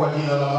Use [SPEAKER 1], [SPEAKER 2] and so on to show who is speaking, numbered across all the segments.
[SPEAKER 1] 关机了。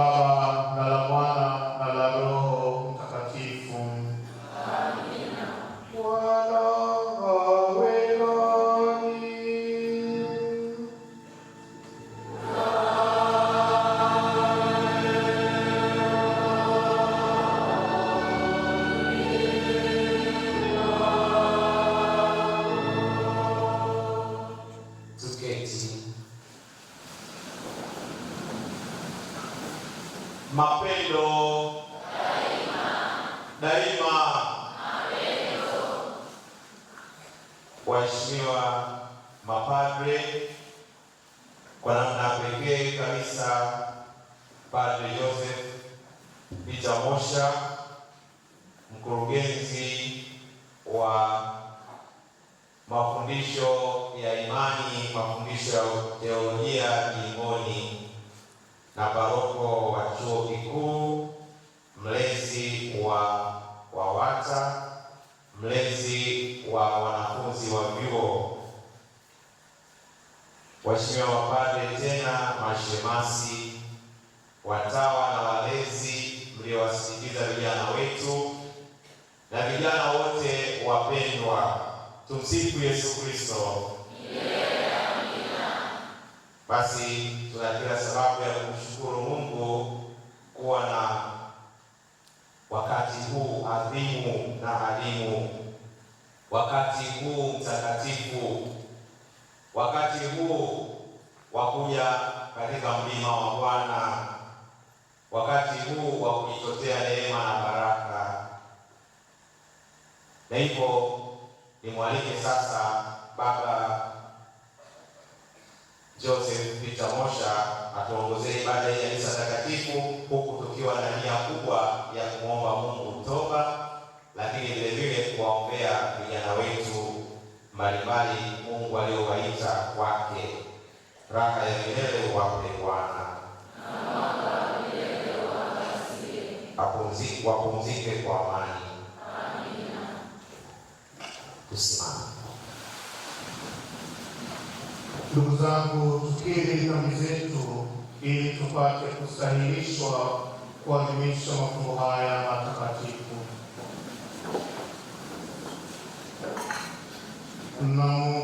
[SPEAKER 1] waheshimiwa mapadre, kwa namna pekee kabisa Padre Joseph Peter Mosha, mkurugenzi wa mafundisho ya imani, mafundisho ya teolojia Kigoni na paroko wa chuo kikuu, mlezi wa WAWATA, mlezi wa wanafunzi wa vyuo, waheshimiwa wapade, tena mashemasi, watawa na walezi mliowasindikiza vijana wetu na vijana wote wapendwa, tumsifu Yesu Kristo. Basi tuna kila sababu ya kumshukuru Mungu kuwa na wakati huu adhimu na alimu wakati huu mtakatifu, wakati huu wa kuja katika mlima wa Bwana, wakati huu wa kujitotea neema na baraka. Na hivyo nimwalike sasa Baba Joseph Peter Mosha atuongozee ibada hii ya misa takatifu, huku tukiwa na nia kubwa ya kumwomba Mungu toba lakini vile vile kuwaombea vijana wetu mbalimbali Mungu aliowaita kwake, raha ya milele wape Bwana, wapumzike kwa amani. Tusimame ndugu zangu, tukiri dhambi zetu ili tupate kusahilishwa kuadhimisha mafumbo haya matakatifu. No.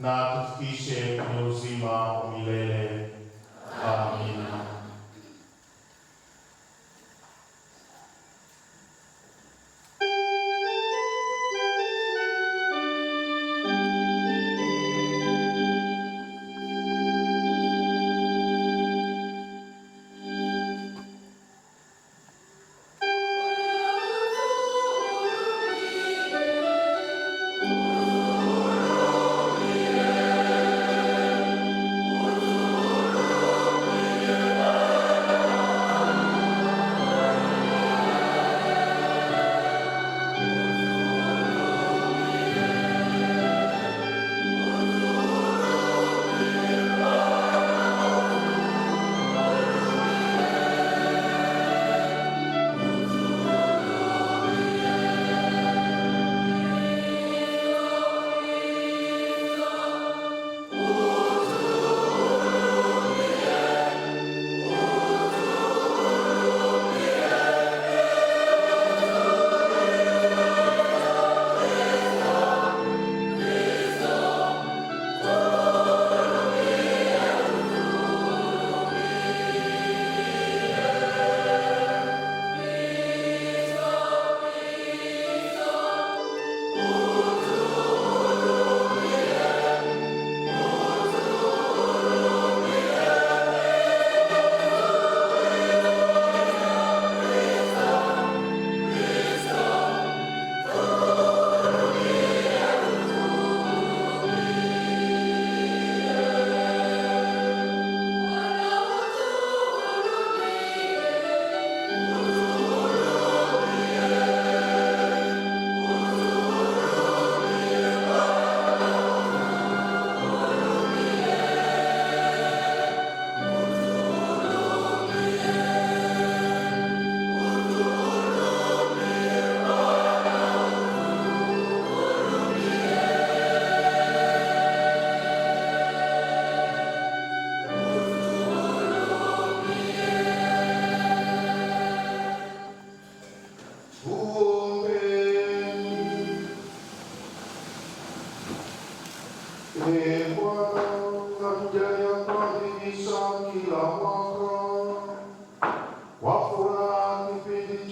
[SPEAKER 1] na tufikishe kwenye uzima wa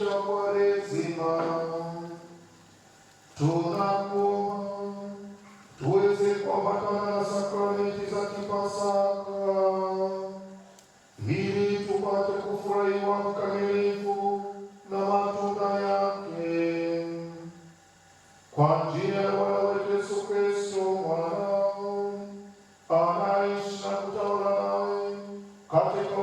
[SPEAKER 1] Kwaresima tunakuomba tuweze kuambatana na sakramenti za Kipasaka ili tupate kufurahiwa mkamilifu na matunda yake kwa njia ya Bwana wetu Yesu Kristo mwanao, anaishi na kutawala naye katika